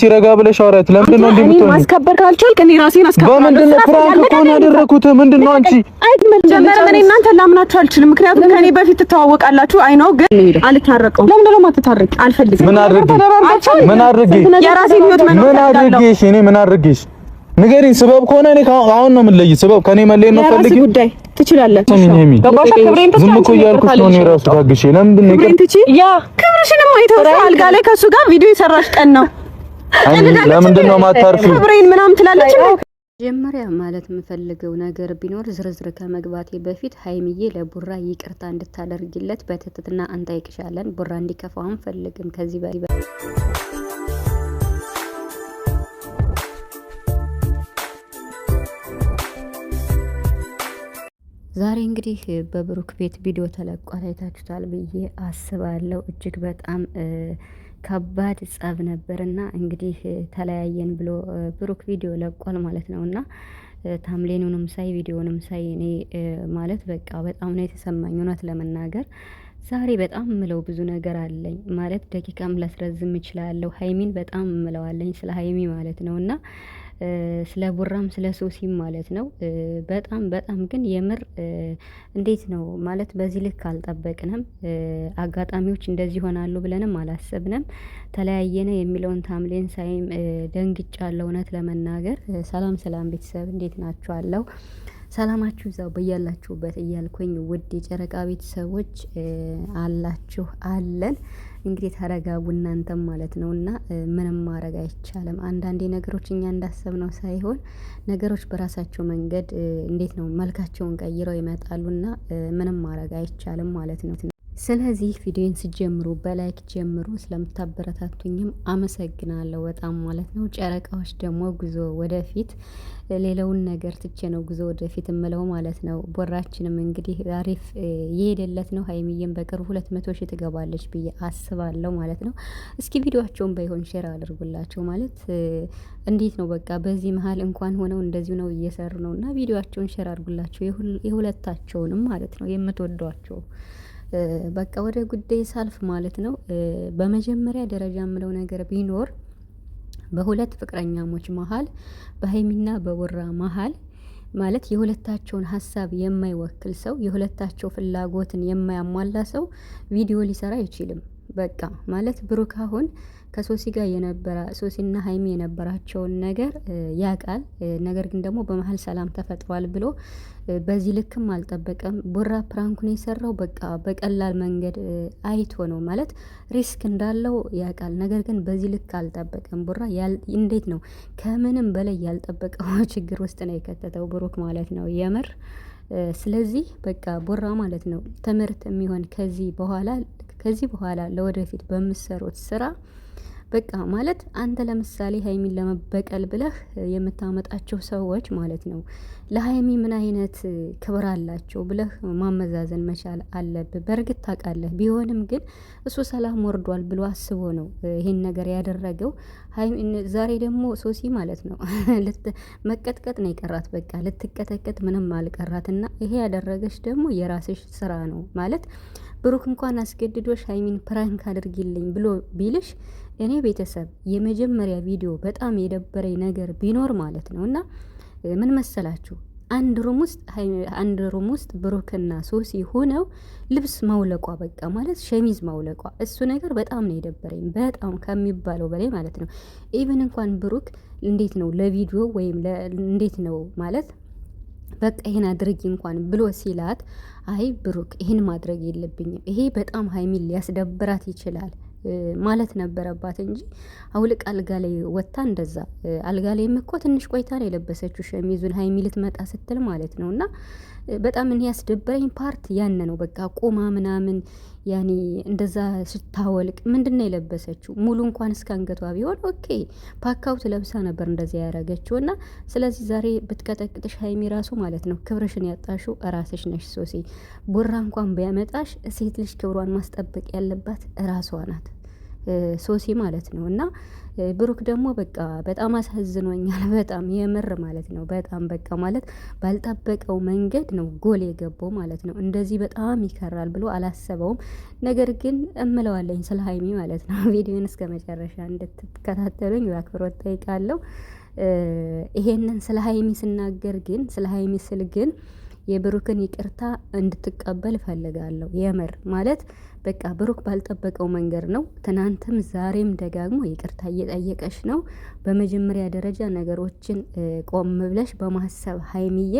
ሲረጋ ብለሽ አውሪያት። ለምንድን ነው እንደምትሆኚ? ማስከበር ካልቻልክ እኔ ራሴን አስከበር። በምንድን ነው ፍራንክ እኮ ነው ያደረኩት። ምንድን ነው አንቺ ጀመረም። እኔ እናንተ ላምናችሁ አልችልም፣ ምክንያቱም ከኔ በፊት ትተዋወቃላችሁ። አይ ነው ግን አልታረቀውም። ለምን ነው ማትታረቂ? አልፈልግም። ምን አድርጌ ምን አድርጌ የራሴን ህይወት መኖር ምን እሺ፣ እኔ ምን አድርጌሽ ንገሪኝ። ስበብ ከሆነ እኔ አሁን ነው የምንለይ። ስበብ ከኔ መለየት ነው ፈልጊ ጉዳይ ትችላለህ። ዝም እኮ እያልኩሽ ነው እኔ ራሱ ታግሼ። ለምንድን ነው ክብርሽንም አይተውሽ አልጋ ላይ ከእሱ ጋር ቪዲዮ የሰራሽ ቀን ነው ለምንድን ነው የማታርፊው? ክብሬን ምናምን ትላለች። መጀመሪያ ማለት የምፈልገው ነገር ቢኖር ዝርዝር ከመግባቴ በፊት ሀይሚዬ ለቡራ ይቅርታ እንድታደርግለት በትህትና እንጠይቅሻለን። ቡራ እንዲከፋው አንፈልግም። ከዚህ በላይ ዛሬ እንግዲህ በብሩክ ቤት ቪዲዮ ተለቋል፣ አይታችሁታል ብዬ አስባለሁ። እጅግ በጣም ከባድ ጸብ ነበርና እንግዲህ ተለያየን ብሎ ብሩክ ቪዲዮ ለቋል ማለት ነው እና ታምሌኑንም ሳይ ቪዲዮንም ሳይ እኔ ማለት በቃ በጣም ነው የተሰማኝ። እውነት ለመናገር ዛሬ በጣም ምለው ብዙ ነገር አለኝ ማለት ደቂቃም ላስረዝም እችላለሁ። ሀይሚን በጣም ምለዋለኝ ስለ ሀይሚ ማለት ነው እና ስለ ቡራም ስለ ሶሲም ማለት ነው። በጣም በጣም ግን የምር እንዴት ነው ማለት በዚህ ልክ አልጠበቅንም። አጋጣሚዎች እንደዚህ ይሆናሉ ብለንም አላሰብንም። ተለያየነ የሚለውን ታምሌን ሳይም ደንግጫለሁ እውነት ለመናገር። ሰላም ሰላም ቤተሰብ እንዴት ናችኋለሁ? ሰላማችሁ ዛው በያላችሁበት እያልኩኝ ውድ የጨረቃ ቤተሰቦች አላችሁ አለን። እንግዲህ ተረጋጉ እናንተም ማለት ነው እና ምንም ማድረግ አይቻልም። አንዳንዴ ነገሮች እኛ እንዳሰብነው ሳይሆን ነገሮች በራሳቸው መንገድ እንዴት ነው መልካቸውን ቀይረው ይመጣሉ እና ምንም ማድረግ አይቻልም ማለት ነው። ስለዚህ ቪዲዮን ስጀምሩ በላይክ ጀምሩ። ስለምታበረታቱኝም አመሰግናለሁ በጣም ማለት ነው። ጨረቃዎች ደግሞ ጉዞ ወደፊት፣ ሌላውን ነገር ትቼ ነው ጉዞ ወደፊት እምለው ማለት ነው። ቦራችንም እንግዲህ አሪፍ የሄደለት ነው። ሀይሚዬም በቅርብ ሁለት መቶ ሺህ ትገባለች ብዬ አስባለሁ ማለት ነው። እስኪ ቪዲዮቸውን ባይሆን ሼር አድርጉላቸው ማለት እንዴት ነው በቃ በዚህ መሀል እንኳን ሆነው እንደዚሁ ነው እየሰሩ ነው እና ቪዲዮቸውን ሼር አድርጉላቸው የሁለታቸውንም ማለት ነው የምትወዷቸው በቃ ወደ ጉዳይ ሳልፍ ማለት ነው። በመጀመሪያ ደረጃ የምለው ነገር ቢኖር በሁለት ፍቅረኛሞች መሀል በሀይሚና በቡራ መሀል ማለት የሁለታቸውን ሀሳብ የማይወክል ሰው የሁለታቸው ፍላጎትን የማያሟላ ሰው ቪዲዮ ሊሰራ አይችልም። በቃ ማለት ብሩክ አሁን ከሶሲ ጋር የነበረ ሶሲና ሀይሚ የነበራቸውን ነገር ያውቃል። ነገር ግን ደግሞ በመሀል ሰላም ተፈጥሯል ብሎ በዚህ ልክም አልጠበቀም። ቡራ ፕራንኩን የሰራው በቃ በቀላል መንገድ አይቶ ነው ማለት ሪስክ እንዳለው ያውቃል። ነገር ግን በዚህ ልክ አልጠበቀም። ቡራ እንዴት ነው ከምንም በላይ ያልጠበቀው ችግር ውስጥ ነው የከተተው ብሩክ ማለት ነው የምር ስለዚህ በቃ ቦራ ማለት ነው ትምህርት የሚሆን ከዚህ በኋላ ከዚህ በኋላ ለወደፊት በምሰሩት ስራ በቃ ማለት አንተ ለምሳሌ ሀይሚን ለመበቀል ብለህ የምታመጣቸው ሰዎች ማለት ነው ለሀይሚ ምን አይነት ክብር አላቸው ብለህ ማመዛዘን መቻል አለብህ። በእርግጥ ታውቃለህ። ቢሆንም ግን እሱ ሰላም ወርዷል ብሎ አስቦ ነው ይሄን ነገር ያደረገው። ዛሬ ደግሞ ሶሲ ማለት ነው መቀጥቀጥ ነው የቀራት። በቃ ልትቀጠቀጥ ምንም አልቀራት እና ይሄ ያደረገች ደግሞ የራስሽ ስራ ነው ማለት ብሩክ እንኳን አስገድዶሽ ሀይሚን ፕራንክ አድርጊልኝ ብሎ ቢልሽ እኔ ቤተሰብ የመጀመሪያ ቪዲዮ በጣም የደበረኝ ነገር ቢኖር ማለት ነው እና ምን መሰላችሁ አንድ ሩም ውስጥ አንድ ሩም ውስጥ ብሩክና ሶሲ ሆነው ልብስ ማውለቋ በቃ ማለት ሸሚዝ ማውለቋ እሱ ነገር በጣም ነው የደበረኝ፣ በጣም ከሚባለው በላይ ማለት ነው። ኢቭን እንኳን ብሩክ እንዴት ነው ለቪዲዮ ወይም እንዴት ነው ማለት በቃ ይሄን አድርጊ እንኳን ብሎ ሲላት፣ አይ ብሩክ ይሄን ማድረግ የለብኝም ይሄ በጣም ሀይሚል ሊያስደብራት ይችላል ማለት ነበረባት እንጂ አውልቅ አልጋ ላይ ወታ እንደዛ አልጋ ላይም እኮ ትንሽ ቆይታ ነው የለበሰችው ሸሚዙን ሀይሚ ልትመጣ ስትል ማለት ነው እና በጣም እኔ ያስደበረኝ ፓርት ያነ ነው። በቃ ቆማ ምናምን ያኔ እንደዛ ስታወልቅ ምንድን ነው የለበሰችው? ሙሉ እንኳን እስከ አንገቷ ቢሆን ኦኬ ፓካውት ለብሳ ነበር እንደዚያ ያደረገችው እና ስለዚህ ዛሬ ብትቀጠቅጥሽ ሀይሚ ራሱ ማለት ነው ክብርሽን ያጣሽው ራስሽ ነሽ። ሶሴ ቡራ እንኳን ቢያመጣሽ ሴት ልጅ ክብሯን ማስጠበቅ ያለባት ራሷ ናት ሶሴ ማለት ነው እና ብሩክ ደግሞ በቃ በጣም አሳዝኖኛል። በጣም የምር ማለት ነው። በጣም በቃ ማለት ባልጠበቀው መንገድ ነው ጎል የገባው ማለት ነው። እንደዚህ በጣም ይከራል ብሎ አላሰበውም። ነገር ግን እምለዋለኝ ስለ ሀይሚ ማለት ነው። ቪዲዮን እስከ መጨረሻ እንድትከታተሉኝ በአክብሮት ጠይቃለሁ። ይሄንን ስለ ሀይሚ ስናገር ግን ስለ ሀይሚ ስል ግን የብሩክን ይቅርታ እንድትቀበል እፈልጋለሁ። የምር ማለት በቃ ብሩክ ባልጠበቀው መንገድ ነው። ትናንትም ዛሬም ደጋግሞ ይቅርታ እየጠየቀሽ ነው። በመጀመሪያ ደረጃ ነገሮችን ቆም ብለሽ በማሰብ ሀይሚዬ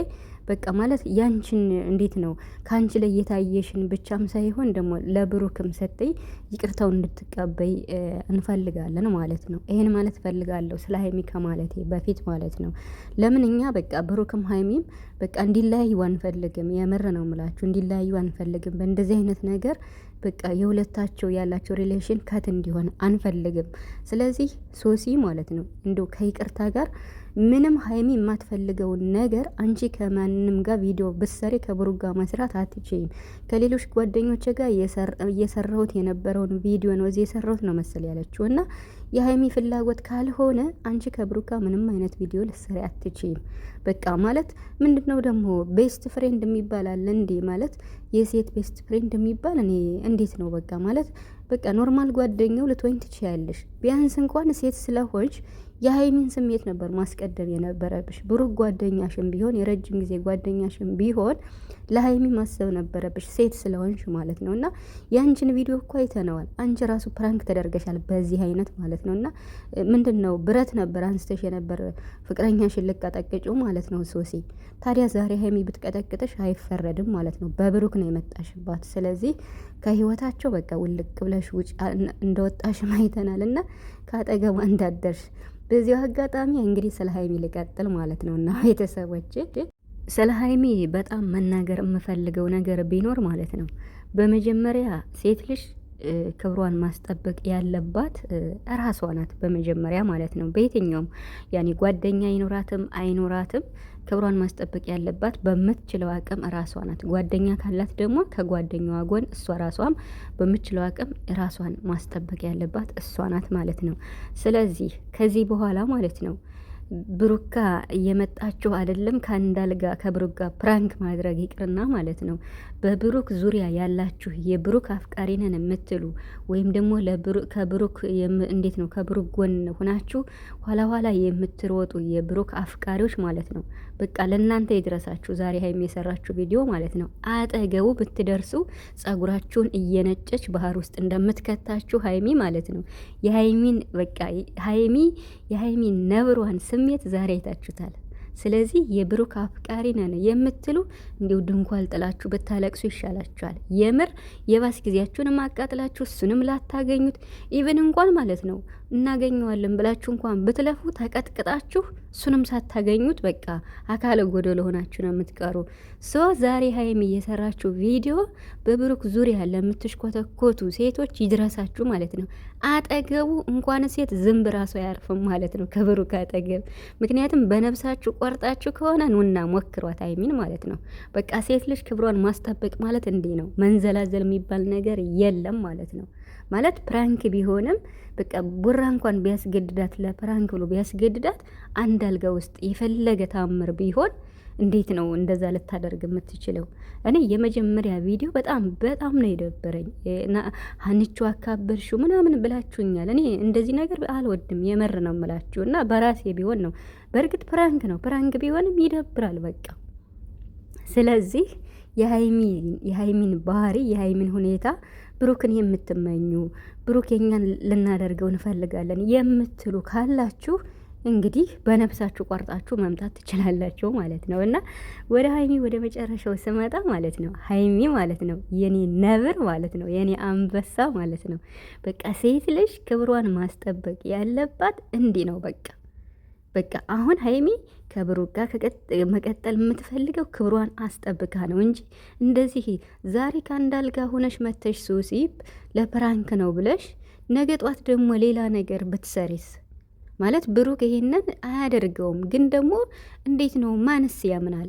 በቃ ማለት ያንቺን እንዴት ነው ከአንቺ ላይ የታየሽን ብቻም ሳይሆን ደግሞ ለብሩክም ሰጠኝ ይቅርታው እንድትቀበይ እንፈልጋለን ማለት ነው። ይሄን ማለት ፈልጋለሁ ስለ ሀይሚ ከማለቴ በፊት ማለት ነው። ለምን እኛ በቃ ብሩክም ሀይሚም በቃ እንዲለያዩ አንፈልግም። የምር ነው ምላችሁ እንዲለያዩ አንፈልግም። በእንደዚህ አይነት ነገር በቃ የሁለታቸው ያላቸው ሪሌሽን ከት እንዲሆን አንፈልግም። ስለዚህ ሶሲ ማለት ነው እንዲ ከይቅርታ ጋር ምንም ሀይሚ የማትፈልገውን ነገር አንቺ ከማንም ጋር ቪዲዮ ብሰሪ ከብሩጋ መስራት አትችይም። ከሌሎች ጓደኞች ጋር እየሰራሁት የነበረውን ቪዲዮ ነው እዚህ የሰራሁት ነው መሰል ያለችው እና የሀይሚ ፍላጎት ካልሆነ አንቺ ከብሩጋ ምንም አይነት ቪዲዮ ልሰሪ አትችይም። በቃ ማለት ምንድን ነው ደግሞ ቤስት ፍሬንድ የሚባል አለ እንዴ? ማለት የሴት ቤስት ፍሬንድ የሚባል እኔ እንዴት ነው በቃ ማለት በቃ ኖርማል ጓደኛው ልትወኝ ትችያለሽ ቢያንስ እንኳን ሴት ስለሆንሽ የሀይሚን ስሜት ነበር ማስቀደም የነበረብሽ። ብሩክ ጓደኛሽም ቢሆን የረጅም ጊዜ ጓደኛሽም ቢሆን ለሀይሚ ማሰብ ነበረብሽ፣ ሴት ስለሆንሽ ማለት ነው። እና የአንቺን ቪዲዮ እኮ አይተነዋል። አንቺ ራሱ ፕራንክ ተደርገሻል፣ በዚህ አይነት ማለት ነው። እና ምንድን ነው ብረት ነበር አንስተሽ የነበር ፍቅረኛሽን ልቀጠቅጩ ማለት ነው ሶሲ። ታዲያ ዛሬ ሀይሚ ብትቀጠቅጥሽ አይፈረድም ማለት ነው። በብሩክ ነው የመጣሽባት። ስለዚህ ከህይወታቸው በቃ ውልቅ ብለሽ ውጭ እንደወጣሽ አይተናል። እና ከአጠገቧ እንዳደርሽ በዚያው አጋጣሚ እንግዲህ ስለ ሀይሚ ልቀጥል ማለት ነው እና ቤተሰቦች ስለ ሀይሚ በጣም መናገር የምፈልገው ነገር ቢኖር ማለት ነው በመጀመሪያ ሴት ልጅ ክብሯን ማስጠበቅ ያለባት እራሷ ናት። በመጀመሪያ ማለት ነው በየትኛውም ያኔ ጓደኛ አይኖራትም አይኖራትም ክብሯን ማስጠበቅ ያለባት በምትችለው አቅም ራሷ ናት። ጓደኛ ካላት ደግሞ ከጓደኛዋ ጎን እሷ ራሷም በምትችለው አቅም ራሷን ማስጠበቅ ያለባት እሷ ናት ማለት ነው። ስለዚህ ከዚህ በኋላ ማለት ነው ብሩካ እየመጣችሁ አይደለም ከእንዳልጋ ከብሩክ ፕራንክ ማድረግ ይቅርና ማለት ነው በብሩክ ዙሪያ ያላችሁ የብሩክ አፍቃሪ ነን የምትሉ ወይም ደግሞ ከብሩክ እንዴት ነው ከብሩክ ጎን ሆናችሁ ኋላ ኋላ የምትሮጡ የብሩክ አፍቃሪዎች ማለት ነው በቃ ለእናንተ ይድረሳችሁ። ዛሬ ሀይሚ የሰራችሁ ቪዲዮ ማለት ነው። አጠገቡ ብትደርሱ ጸጉራችሁን እየነጨች ባህር ውስጥ እንደምትከታችሁ ሀይሚ ማለት ነው። የሀይሚን በቃ ሀይሚ የሀይሚን ነብሯን ስሜት ዛሬ አይታችሁታል። ስለዚህ የብሩክ አፍቃሪ ነን የምትሉ እንዲሁ ድንኳን ጥላችሁ ብታለቅሱ ይሻላችኋል። የምር የባስ ጊዜያችሁንም አቃጥላችሁ እሱንም ላታገኙት ኢቨን እንኳን ማለት ነው እናገኘዋለን ብላችሁ እንኳን ብትለፉ ተቀጥቅጣችሁ እሱንም ሳታገኙት በቃ አካለ ጎደሎ ሆናችሁ ነው የምትቀሩ። ሶ ዛሬ ሀይም እየሰራችሁ ቪዲዮ በብሩክ ዙሪያ ለምትሽኮተኮቱ ሴቶች ይድረሳችሁ ማለት ነው። አጠገቡ እንኳን ሴት ዝንብ ራሱ አያርፍም ማለት ነው ከብሩክ አጠገብ። ምክንያቱም በነብሳችሁ ቆርጣችሁ ከሆነ ኑና ሞክሯት ሀይሚን ማለት ነው። በቃ ሴት ልጅ ክብሯን ማስጠበቅ ማለት እንዲህ ነው። መንዘላዘል የሚባል ነገር የለም ማለት ነው። ማለት ፕራንክ ቢሆንም በቃ ኪራ እንኳን ቢያስገድዳት ለፕራንክ ብሎ ቢያስገድዳት አንድ አልጋ ውስጥ የፈለገ ታምር ቢሆን እንዴት ነው እንደዛ ልታደርግ የምትችለው? እኔ የመጀመሪያ ቪዲዮ በጣም በጣም ነው የደበረኝ። ሀንቹ አካበርሹ ምናምን ብላችሁኛል። እኔ እንደዚህ ነገር አልወድም፣ የመር ነው ምላችሁ እና በራሴ ቢሆን ነው። በእርግጥ ፕራንክ ነው፣ ፕራንክ ቢሆንም ይደብራል። በቃ ስለዚህ የሀይሚን ባህሪ የሀይሚን ሁኔታ ብሩክን የምትመኙ ብሩክ የኛን ልናደርገው እንፈልጋለን የምትሉ ካላችሁ እንግዲህ በነፍሳችሁ ቆርጣችሁ መምጣት ትችላላችሁ ማለት ነው። እና ወደ ሀይሚ ወደ መጨረሻው ስመጣ ማለት ነው ሀይሚ ማለት ነው የኔ ነብር ማለት ነው የኔ አንበሳ ማለት ነው። በቃ ሴት ልጅ ክብሯን ማስጠበቅ ያለባት እንዲህ ነው በቃ በቃ አሁን ሀይሚ ከብሩክ ጋር መቀጠል የምትፈልገው ክብሯን አስጠብቃ ነው እንጂ እንደዚህ ዛሬ ከአንድ አልጋ ሁነሽ መተሽ ሱሲ ለፕራንክ ነው ብለሽ ነገ ጧት ደግሞ ሌላ ነገር ብትሰሪስ ማለት ብሩክ ይሄንን አያደርገውም። ግን ደግሞ እንዴት ነው ማንስ ያምናል?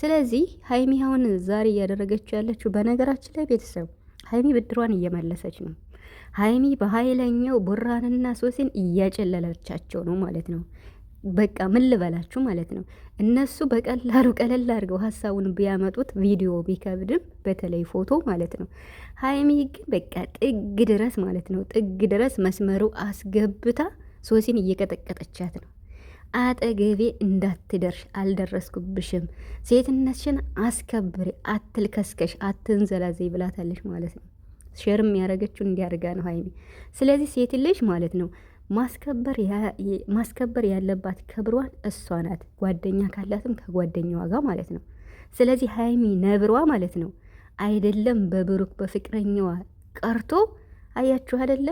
ስለዚህ ሀይሚ አሁን ዛሬ እያደረገችው ያለችው በነገራችን ላይ ቤተሰብ ሀይሚ ብድሯን እየመለሰች ነው። ሀይሚ በኃይለኛው ቡራንና ሶሲን እያጨለለቻቸው ነው ማለት ነው። በቃ ምን ልበላችሁ ማለት ነው። እነሱ በቀላሉ ቀለል አድርገው ሀሳቡን ቢያመጡት ቪዲዮ ቢከብድም በተለይ ፎቶ ማለት ነው። ሀይሚ ግን በቃ ጥግ ድረስ ማለት ነው ጥግ ድረስ መስመሩ አስገብታ ሶሲን እየቀጠቀጠቻት ነው። አጠገቤ እንዳትደርሽ አልደረስኩብሽም፣ ሴትነትሽን አስከብሬ አትልከስከሽ፣ አትንዘላዘ ብላታለች ማለት ነው። ሸርም ያደረገችው እንዲያርጋ ነው ሀይሚ። ስለዚህ ሴት ልጅ ማለት ነው ማስከበር ያለባት ክብሯን እሷ ናት። ጓደኛ ካላትም ከጓደኛዋ ጋር ማለት ነው። ስለዚህ ሀይሚ ነብሯ ማለት ነው አይደለም በብሩክ በፍቅረኛዋ ቀርቶ አያችሁ አይደለ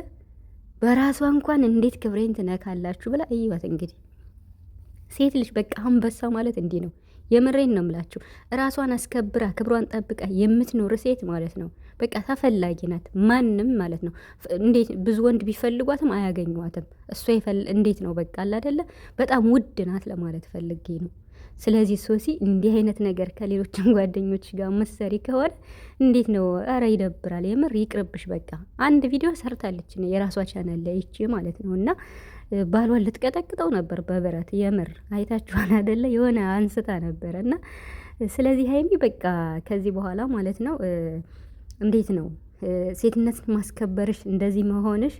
በራሷ እንኳን እንዴት ክብሬን ትነካላችሁ ብላ እይዋት። እንግዲህ ሴት ልጅ በቃ አንበሳ ማለት እንዲህ ነው። የምሬን ነው ምላችሁ። ራሷን አስከብራ ክብሯን ጠብቃ የምትኖር ሴት ማለት ነው። በቃ ተፈላጊ ናት። ማንም ማለት ነው እንዴት ብዙ ወንድ ቢፈልጓትም አያገኟትም። እሷ እንዴት ነው በቃ አላደለ በጣም ውድ ናት ለማለት ፈልጌ ነው። ስለዚህ ሶሲ እንዲህ አይነት ነገር ከሌሎችን ጓደኞች ጋር መሰሪ ከሆነ እንዴት ነው? ኧረ ይደብራል። የምር ይቅርብሽ። በቃ አንድ ቪዲዮ ሰርታለች የራሷ ቻናል ላይ ይቺ ማለት ነው እና ባሏን ልትቀጠቅጠው ነበር በብረት የምር አይታችኋን አደለ የሆነ አንስታ ነበረ እና ስለዚህ ሀይሚ በቃ ከዚህ በኋላ ማለት ነው እንዴት ነው ሴትነትን ማስከበርሽ እንደዚህ መሆንሽ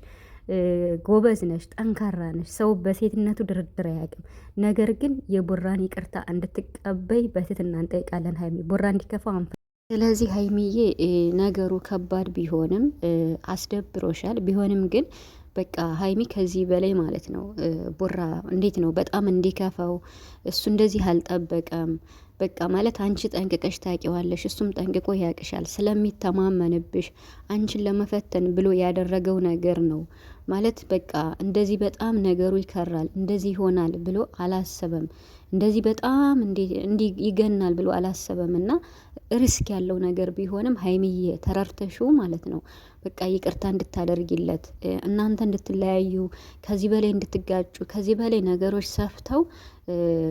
ጎበዝ ነሽ፣ ጠንካራ ነሽ። ሰው በሴትነቱ ድርድር አያውቅም። ነገር ግን የቡራን ይቅርታ እንድትቀበይ በትህትና እንጠይቃለን። ሀይሚ ቡራ እንዲከፋ አንፈ ስለዚህ ሀይሚዬ ነገሩ ከባድ ቢሆንም አስደብሮሻል። ቢሆንም ግን በቃ ሀይሚ ከዚህ በላይ ማለት ነው። ቡራ እንዴት ነው በጣም እንዲከፋው እሱ እንደዚህ አልጠበቀም። በቃ ማለት አንቺ ጠንቅቀሽ ታቂዋለሽ፣ እሱም ጠንቅቆ ያቅሻል። ስለሚተማመንብሽ አንቺን ለመፈተን ብሎ ያደረገው ነገር ነው ማለት በቃ እንደዚህ በጣም ነገሩ ይከራል፣ እንደዚህ ይሆናል ብሎ አላሰበም። እንደዚህ በጣም እንዲህ ይገናል ብሎ አላሰበም እና ሪስክ ያለው ነገር ቢሆንም ሀይሚዬ ተረርተሽው ማለት ነው በቃ ይቅርታ እንድታደርጊለት እናንተ እንድትለያዩ ከዚህ በላይ እንድትጋጩ ከዚህ በላይ ነገሮች ሰፍተው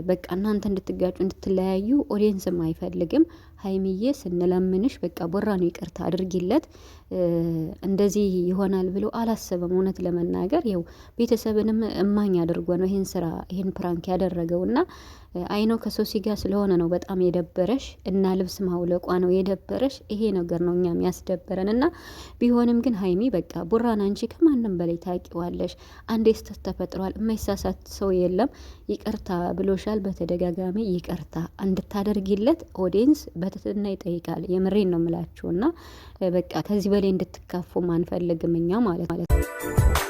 በቃ እናንተ እንድትጋጩ እንድትለያዩ ኦዲየንስም አይፈልግም። ሀይሚዬ ስንለምንሽ በቃ ቦራኑ ይቅርታ አድርጊለት እንደዚህ ይሆናል ብሎ አላሰበም። እውነት ለመናገር ያው ቤተሰብንም እማኝ አድርጎ ነው ይህን ስራ ይህን ፕራንክ ያደረገው እና አይኖ ከሶሲ ጋር ስለሆነ ነው በጣም የደበረሽ እና ልብስ ማውለቋ ነው የደበረሽ። ይሄ ነገር ነው እኛም ያስደበረን እና ቢሆንም ግን ሀይሚ በቃ ቡራን አንቺ ከማንም በላይ ታቂዋለሽ። አንዴ ስተት ተፈጥሯል። የማይሳሳት ሰው የለም። ይቅርታ ብሎሻል በተደጋጋሚ ይቅርታ እንድታደርጊለት ኦዲንስ በትትና ይጠይቃል። የምሬን ነው እና በቃ ከዚህ በላይ እንድትከፉም አንፈልግም እኛ ማለት ማለት ነው።